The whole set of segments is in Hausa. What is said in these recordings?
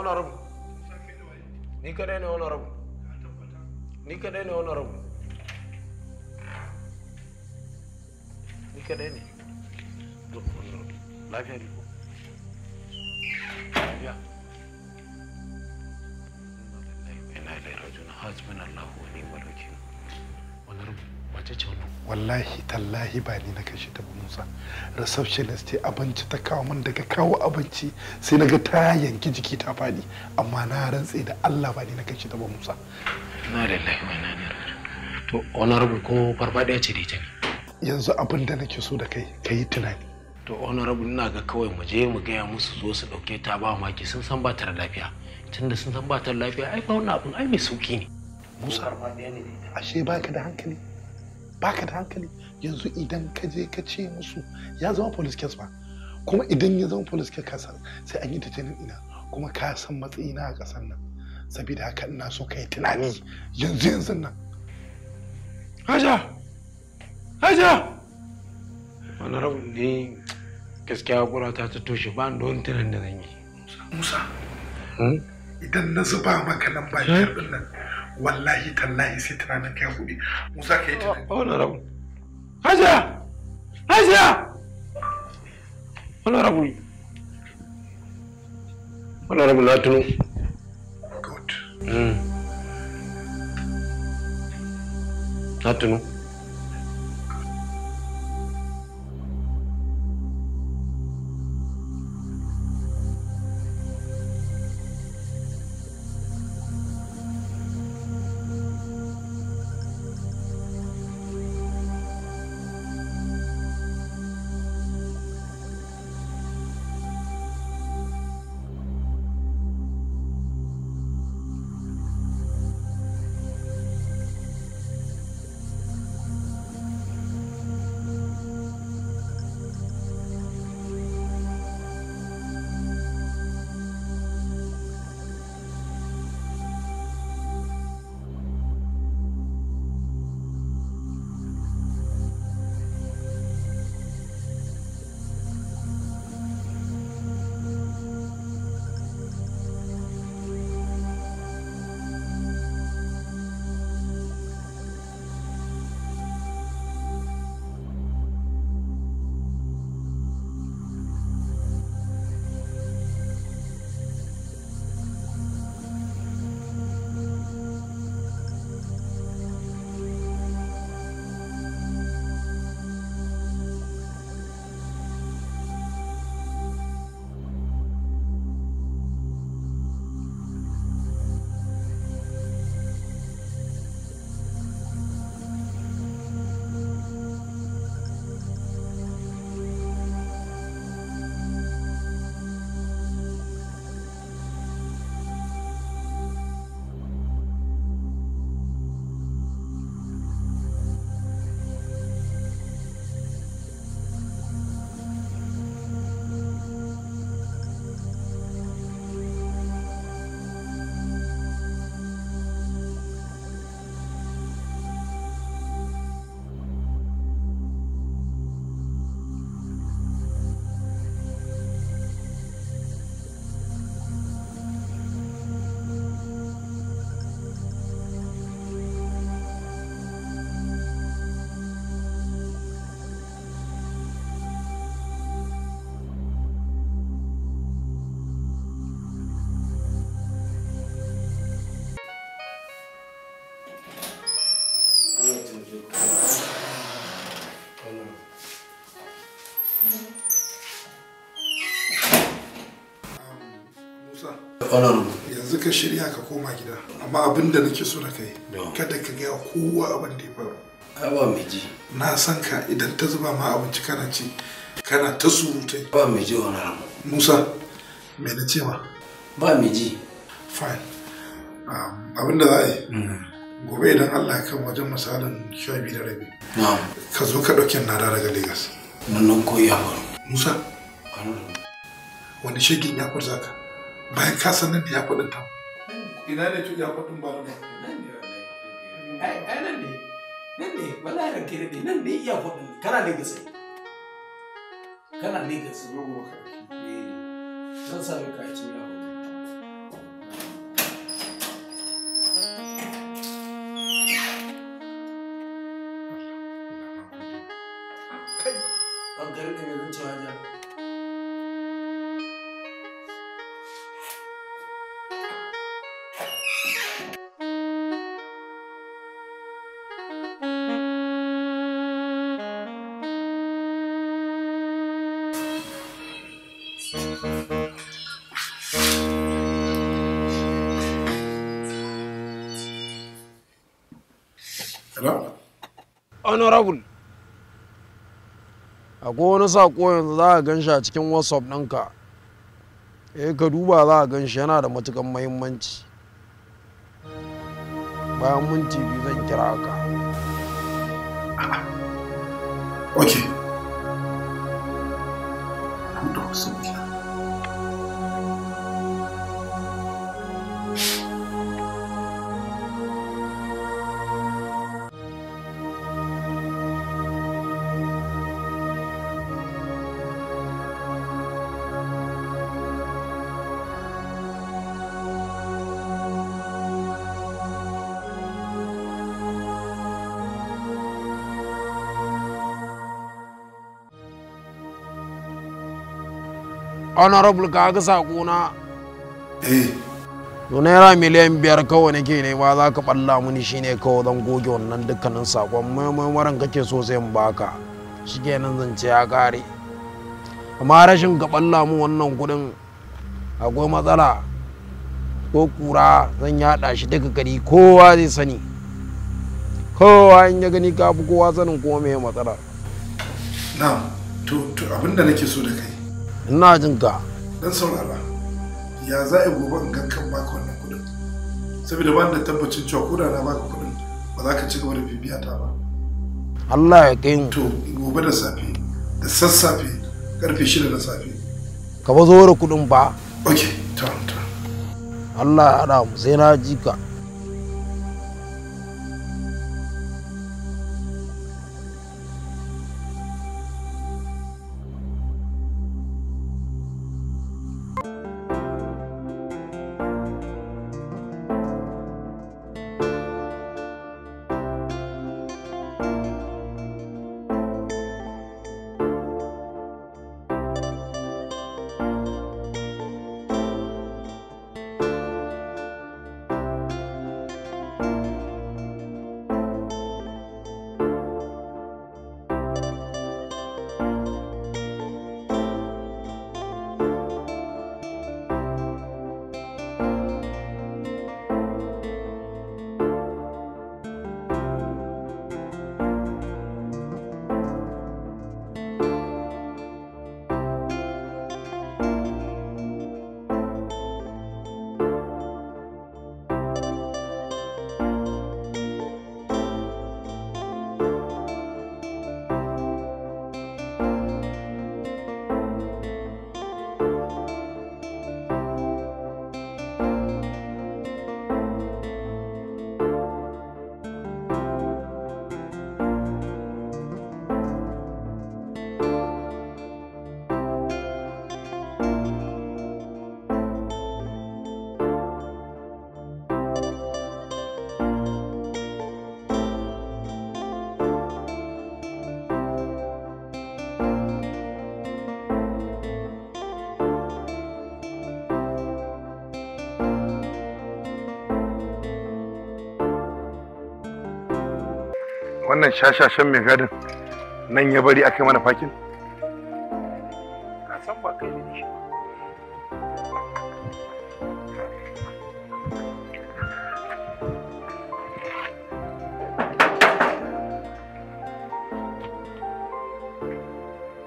honorable ni kadai ne honorable ni kadai ne honorable ni kadai ne lafiya ne ko lafiya ina ilaihi rajiun hasbunallahu wa ni'mal wakeel wallahi tallahi ba ni na kashe ta musa receptionist ce abinci ta kawo min daga kawo abinci sai na ga ta yanki jiki ta fadi amma na rantse da allah ba ni na kashe ta musa na lillahi wa inna ilaihi to honorable ko farfadiya ce da ita ne yanzu abin da nake so da kai ka yi tunani to honorable ina ga kawai mu je mu gaya musu zo su dauke ta ba maki sun san ba ta lafiya tunda sun san ba ta lafiya ai ba wannan abin ai mai sauki ne Musa ashe baka da hankali baka da hankali yanzu idan ka je ka ce musu ya zama police case ba kuma idan ya zama police case kasar sai an yi detainin ina kuma ka san matsayina a kasar nan saboda haka ina so kai tunani yanzu yanzu nan Haja Haja wani rabu ne gaskiya gura ta ta toshe ba da wani tunan da zan yi Musa hmm? idan na zuba maka hmm? nan ba nan wallahi tallahi sai tana tunanin kai gobe musa kai ta rabu haja haja hajiya rabu honorable rabu na tunu good mm. na tuno honorable yanzu ka shirya ka koma gida amma abin da nake so da kai kada ka ga kowa abin da ya faru ba mai na san ka idan ta zuba ma abinci kana ci kana ta surute ba miji ji ramu musa me na ce ma ba miji. ji fine um, abin da za a yi mm. gobe idan allah kan wajen misalin sha biyu da rabi ka zo ka ɗauki nada daga lagos nan koyi musa wani shagin ya kwarza ka bayan ka san nan da ya faɗin ta ina ne tu ya faɗin ba nan ai nan ne nan ne wallahi ranke da nan ne ya faɗin kana ne gasa kana ne gasa yau ka ne eh. san sa ka ci ya honorable akwai wani sako yanzu za a gan shi a cikin whatsapp ɗinka eh ka duba za a gan shi yana da matukan mahimmanci bayan minti biyu zan kira ka ok honorable ka ga sakona eh naira miliyan biyar kawai nake ne ba za ka balla mini shine kawai zan goge wannan dukkanin sakon waran kake so sai in baka zan zance ya kare amma rashin ka balla mu wannan kudin akwai matsala ko kura zan yada shi duka gari kowa zai sani kowa in ya gani ka fi kowa sanin kuma mai matsala na to abinda nake so da kai ina jin ka dan saurara ya za a gobe in kankan baka wannan kudin saboda ban da tabbacin cewa ko da na baka kudin ba za ka ci gaba da bibiya ta ba Allah ya kai to gobe da safe da sassafe karfe shida na safe ka ba zo da kudin ba okay ta ta Allah ya hada mu sai na ji ka wannan shashashen mai gadin nan ya bari aka mana fakin? san ba kai ne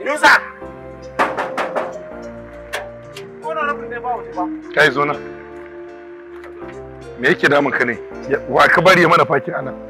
Inusa! Kona ne ba wuce ba. Kai zo na. Me yake damun ka ne? Wa ka bari ya mana fakin anan?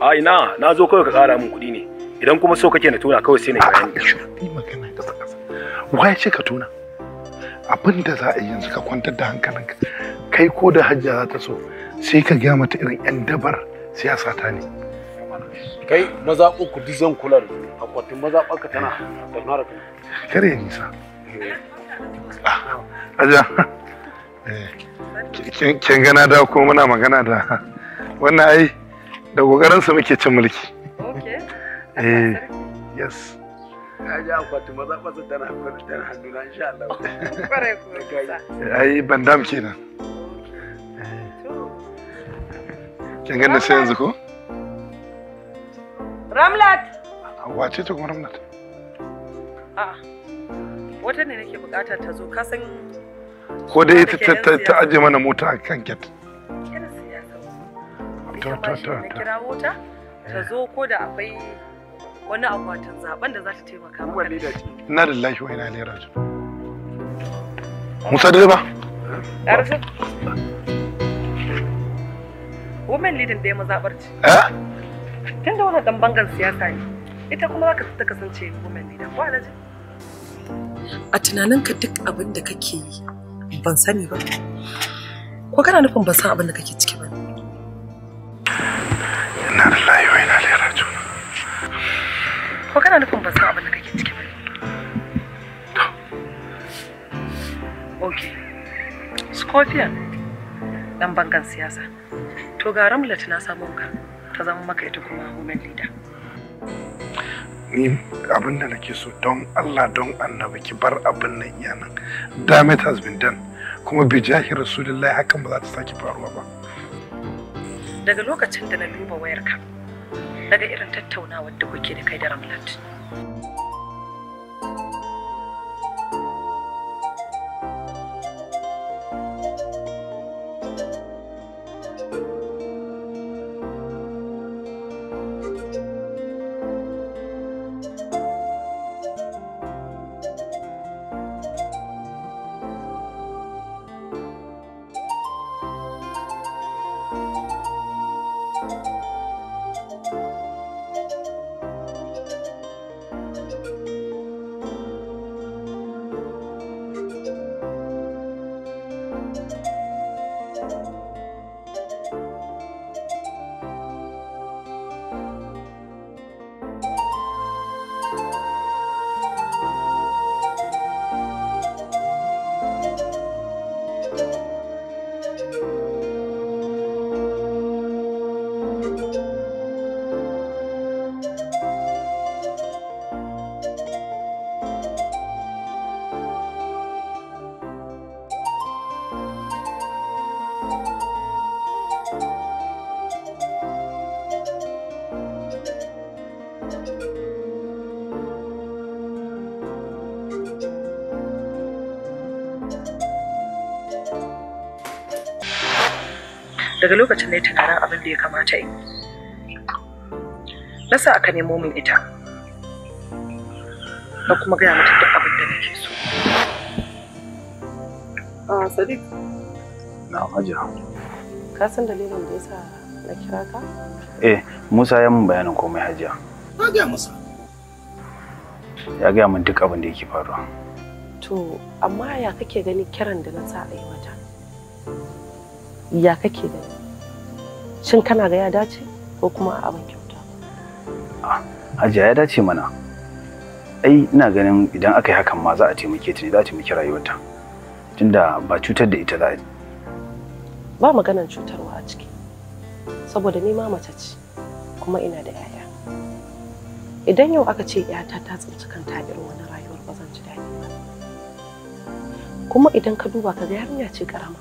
a ina na zo kawai ka kara min kuɗi ne idan kuma so kake na tona kawai sai na bayani ni magana kasa kasa waye ce ka tona abin da za a yi yanzu ka kwantar da hankalinka kai ko da hajja za ta so sai ka gaya mata irin yan dabar siyasa ta ne kai maza uku duk zan kula da akwatin maza ɓaka tana tauna da kai kare nisa eh. ah, aja eh, kin gana da ko muna magana da wannan ai da kokarin su muke cin mulki Okay. eh yes ji akwati maza maza tana tana hannu na insha Allah kware ko ai bandam kenan kin ganin sai yanzu ko Ramlat wace ta kuma Ramlat a wata ne nake bukata ta zo ka san ko dai ta aje mana mota a kan gate ita ma shi na kira ta ta zo ko da akwai wani akwatin zaben da za ta taimaka maka da shi ina da lahi wa ina ne raju musa dai ba ƙarfi women leading dai mazaɓar ce eh? tun da wani ɗan bangan siyasa ne ita kuma za ta kasance women leader ko alaji a tunaninka duk abin da kake yi ban sani ba ko kana nufin ban san abin da kake ciki inna lillahi wa inna ilaihi raji'un ko kana nufin ban san abin da kake ciki ba okay scorpion dan bangan siyasa to ga ramla na samu ka ta zama maka ita kuma women leader ni abin da nake so don Allah don annabi ki bar abin nan iyanan damage has been done kuma bi jahi rasulullahi hakan ba za ta sake faruwa ba daga lokacin da na duba wayarka daga irin tattaunawar da kuke da kai da ramlat daga lokacin na tunanin abin da ya kamata yi na sa aka nemo min ita na kuma gaya mata duk abin da nake so a ah, sadiq na hajiya ka san dalilin da ya sa na kira ka eh musa ya mun bayanin komai hajiya na gaya musa ya gaya min duk abin da yake faruwa to amma ya kake ganin kiran da na sa a yi mata ya kake da shin kana ga ya dace ko kuma a abin kyauta Ajiya ya dace mana ai ina ganin idan aka yi hakan ma za a taimake ta ne za a taimaki rayuwarta tunda ba cutar da ita za a ba maganan cutarwa a ciki saboda ni ma mace ce kuma ina da 'ya'ya idan yau aka ce 'yata ta tsinci kanta irin wani rayuwar ba zan ji daɗi ba kuma idan ka duba ka ga yarinya ce karama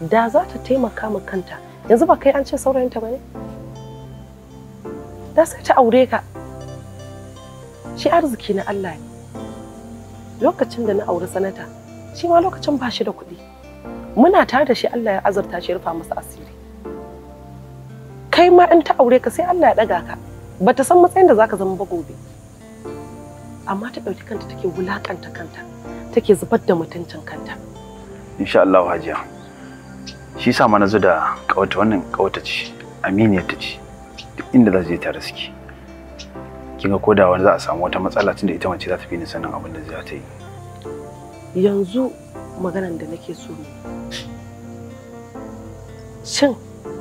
da za ta taimaka ma kanta yanzu ba kai an ce saurayinta ba ne da sai ta aure ka shi arziki na Allah ne lokacin da na auri sanata shi ma lokacin ba shi da kuɗi muna tare da shi Allah ya azurta shi rufa masa asiri kai ma in ta aure ka sai Allah ya ɗaga ka bata san matsayin da zaka zama ba gobe amma ta ɗauki kanta take wulakanta kanta take zubar da mutuncin kanta insha Allah hajiya shi sa ma na zo da kawata wannan kawata ce aminiya ta ce duk inda za je ta riski kin ga koda wani za a samu wata matsala tunda ita mace za ta fi ni sanin abin da za ta yi yanzu maganan da nake so shin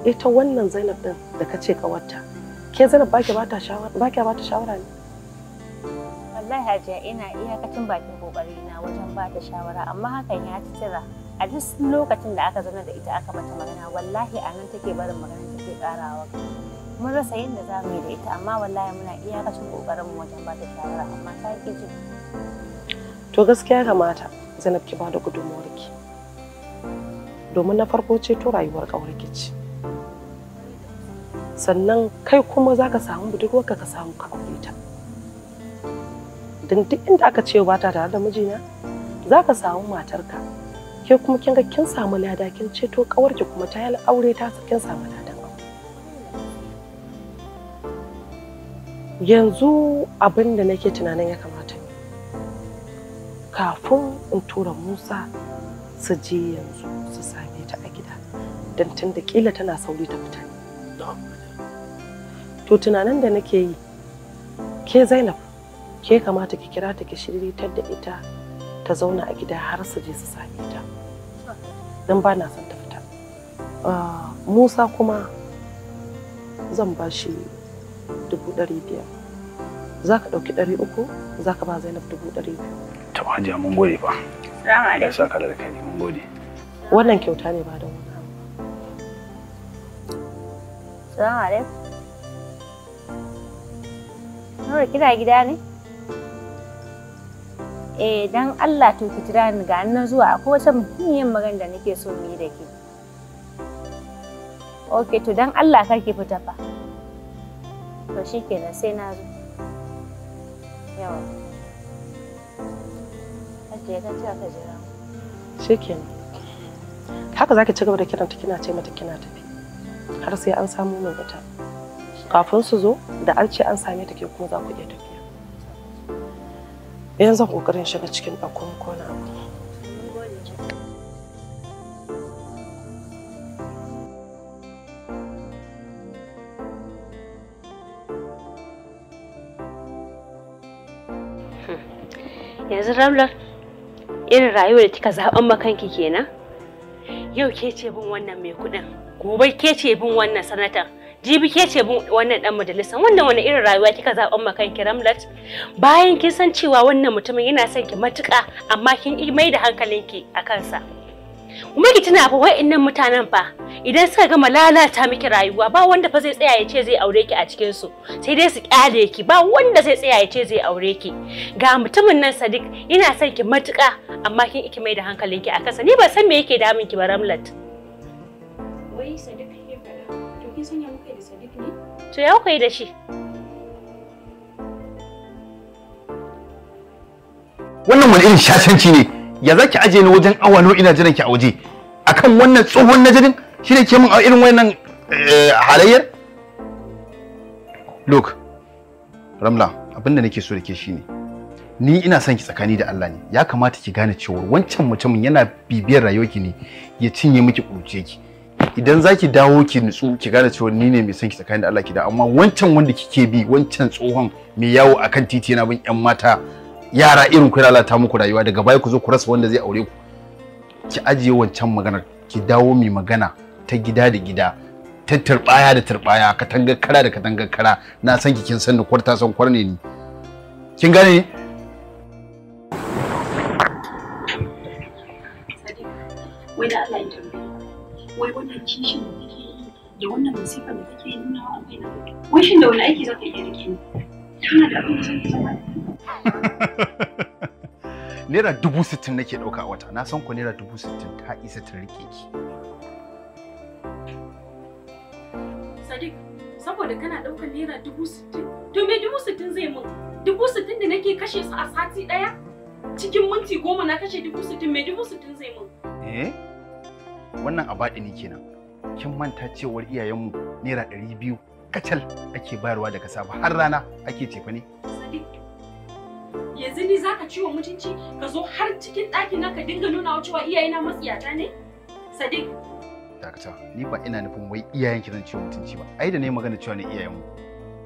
ita wannan Zainab din da kace kawarta ke Zainab baki ba ta shawara baki ba ta shawara ne wallahi hajiya ina iyakacin bakin kokari na wajen ba ta shawara amma hakan ya ci a duk lokacin da aka zana da ita aka mata magana wallahi a nan take barin magana take karawa mun rasa yadda za mu yi da ita amma wallahi muna iyakacin kokarin mu wajen ba ta shawara amma ta ki ji to gaskiya kamata zanab ki ba da gudunmuwar ki domin na farko ce to rayuwar ƙaurarki ce sannan kai kuma za ka samu budurwarka ka samu ka aure ta don duk inda aka ce ba ta tare da mijina za ka samu matarka ke kuma kin ga kin samu lada kin ce to ceto ki kuma ta yi aure ta kin samu lada yanzu abin da nake tunanin ya kamata kafin in tura musa su je yanzu su same ta a gida don tun da kila tana sauri ta fita to tunanin da nake yi ke zainab ke kamata ki kira ta ki shirya da ita ta zauna a gida har su je su same ta don ba na son ta fita ah, musa kuma zan ba shi dubu ɗari biyar za ka ɗauki ɗari uku za ka ba zainab dubu ɗari biyu to hajiya mun gode alaikum ya sa ka da kai mun gode wannan kyauta ne ba da wani Salamu alaikum. kina gida ne? eh dan Allah to ki jira ni ga nan zuwa akwai wata muhimmiyar magana da nake so mu yi da ke okay to dan Allah kar ki fita fa to shikenan sai na zo yawa Hajiya ta ci ka jira shikenan haka zaki ci gaba da kiranta kina ce mata kina tafi har sai an samu mai ita kafin su zo da an ce an same ta ke kuma za ku iya tafi yanzu zan kokarin shiga cikin ɗauko kona abu yanzu ramlar irin rayuwar da kika zaɓan makanki kenan yau ke ce bin wannan mai kuɗin gobe ke ce bin wannan sanatar jibi ke ce wannan dan majalisa wannan wani irin rayuwa kika zaben ma kanki ramlat bayan kin san cewa wannan mutumin yana son ki matuƙa amma kin yi mai da hankalinki a kansa kuma ki tuna fa wa'annan mutanen fa idan suka gama lalata miki rayuwa ba wanda fa zai tsaya ya ce zai aure ki a cikin su sai dai su kyale ki ba wanda zai tsaya ya ce zai aure ki ga mutumin nan Sadiq yana son ki matuƙa amma kin yi mai da hankalinki a kansa ni ba san me yake damun ki ba Ramlat wai Sadiq sanya To ya kai da shi. Wannan wani irin shashanci ne. Ya zaki ajiye ni wajen awa nawa ina jiran ki a waje. Akan wannan tsohon najirin shine ke min a irin wannan eh, halayyar? Look, Ramla, abin da nake so da ke shine ni ina son ki tsakani da Allah ne. Ya kamata ki gane cewa wancan mutumin yana bibiyar rayuwarki ne ya cinye miki kuruce idan zaki dawo ki nutsu ki gane cewa ni ne mai son ki tsakanin da Allah ki da amma wancan wanda kike bi wancan tsohon mai yawo akan titi yana bin yan mata yara irin ku lalata muku rayuwa daga baya ku zo ku rasa wanda zai aure ku ki ajiye wancan maganar ki dawo mai magana ta gida da gida ta turbaya da turbaya katanga kara da katangar kara na san ki kin san ni kwarta san kwarne ni kin gane wai wannan kishin da kake yi da wannan musibar da kake yi nuna wa kai na wai shin da wani aiki za ka iya rike ni kana da abin da zai zama Naira dubu sittin nake ɗauka a wata, na san ku naira dubu sittin ta isa ta rike ki. Sadiq, saboda kana ɗaukar naira dubu sittin, to me dubu sittin zai mun? Dubu sittin da nake kashe su a sati ɗaya? Cikin minti goma na kashe dubu sittin, me dubu sittin zai mun? Eh? wannan abaɗini kenan kin manta cewar iyayenmu naira ɗari biyu kacal ake bayarwa daga sabu har rana ake cefa ne yanzu ni za ka ciwo mutunci ka zo har cikin ɗakin nan ka dinga nuna wa cewa iyayena matsiyata ne sadiq dakata ni ba ina nufin wai iyayen ki zan ciwo mutunci ba ai da ne magana cewa ne iyayenmu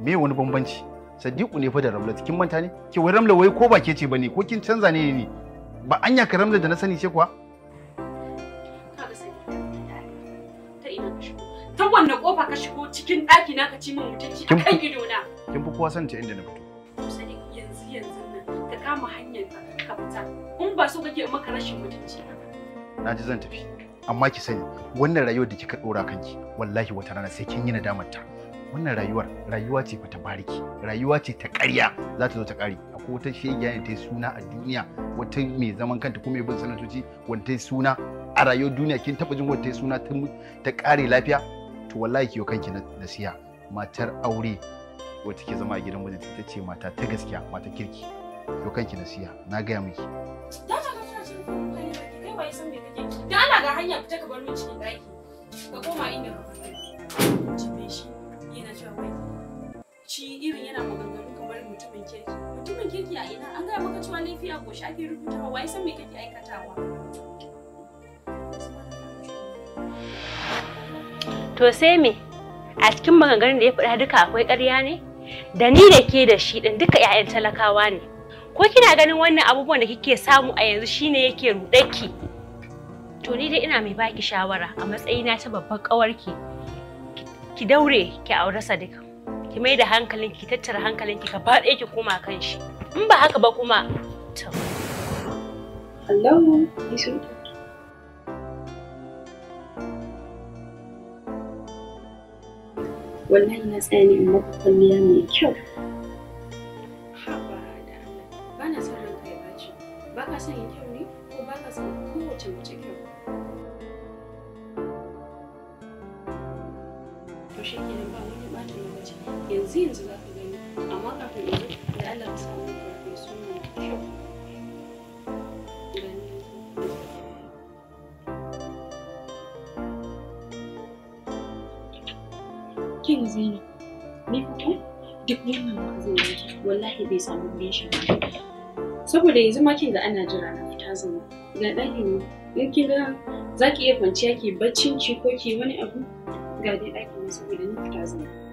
me wani bambanci sadiqu ne fa da ramla kin manta ne Ke wai ramla wai ko ba ke ce bane ko kin canza ne ne ba anya ka ramla da na sani ce kuwa sani ta gida ka shigo kofa ka shigo cikin ɗaki na ka ci min mutunci a kan ido na kin fi kowa santa inda na fito kusa yanzu yanzu nan ka kama hanyar ka fita in ba so kake maka rashin mutunci na ji zan tafi amma ki sani wannan rayuwar da kika ɗora kanki wallahi wata rana sai kin yi nadamar ta wannan rayuwar rayuwa ce ta bariki rayuwa ce ta ƙarya za ta zo ta ƙari akwai wata shegiya ne ta suna a duniya wata mai zaman kanta kuma mai bin sanatoci wanda ta suna a rayuwar duniya kin taba jin wata suna ta kare lafiya to wallahi kiyo kanki nasiha matar aure wata ke zama a gidan mijinta ta ce mata ta gaskiya mata kirki kiyo kanki nasiha na gaya miki da da kai bai ana ga hanya fita ka bar min cikin daki ka koma inda ka fita cikin shi yana cewa wai shi irin yana maganganu kamar mutumin kirki mutumin kirki a ina an gaya maka cewa laifi a goshi ake rubutawa wai san me kake aikatawa To sai me? A cikin maganganun da ya faɗa duka akwai ƙarya ne? Da ni da ke da shi ɗin duka 'ya'yan talakawa ne. Ko kina ganin wannan abubuwan da kike samu a yanzu shine yake ruɗaki? To ni dai ina mai baki shawara a matsayina ta babbar ƙawarki. Ki daure ki aure Sadiq. Ki mai da ki tattara hankalinki ka ɗaya ki koma kan shi. In ba haka ba kuma. To. Hello, Isu. wallahi na tsaya ne in mai kyau tambaye shi saboda yanzu ma kin ga ana jira na fita zama ga ɗaki ne in kin ga za ki iya kwanciya ki baccin ki ko ki wani abu ga dai ɗaki ne saboda ni fita zama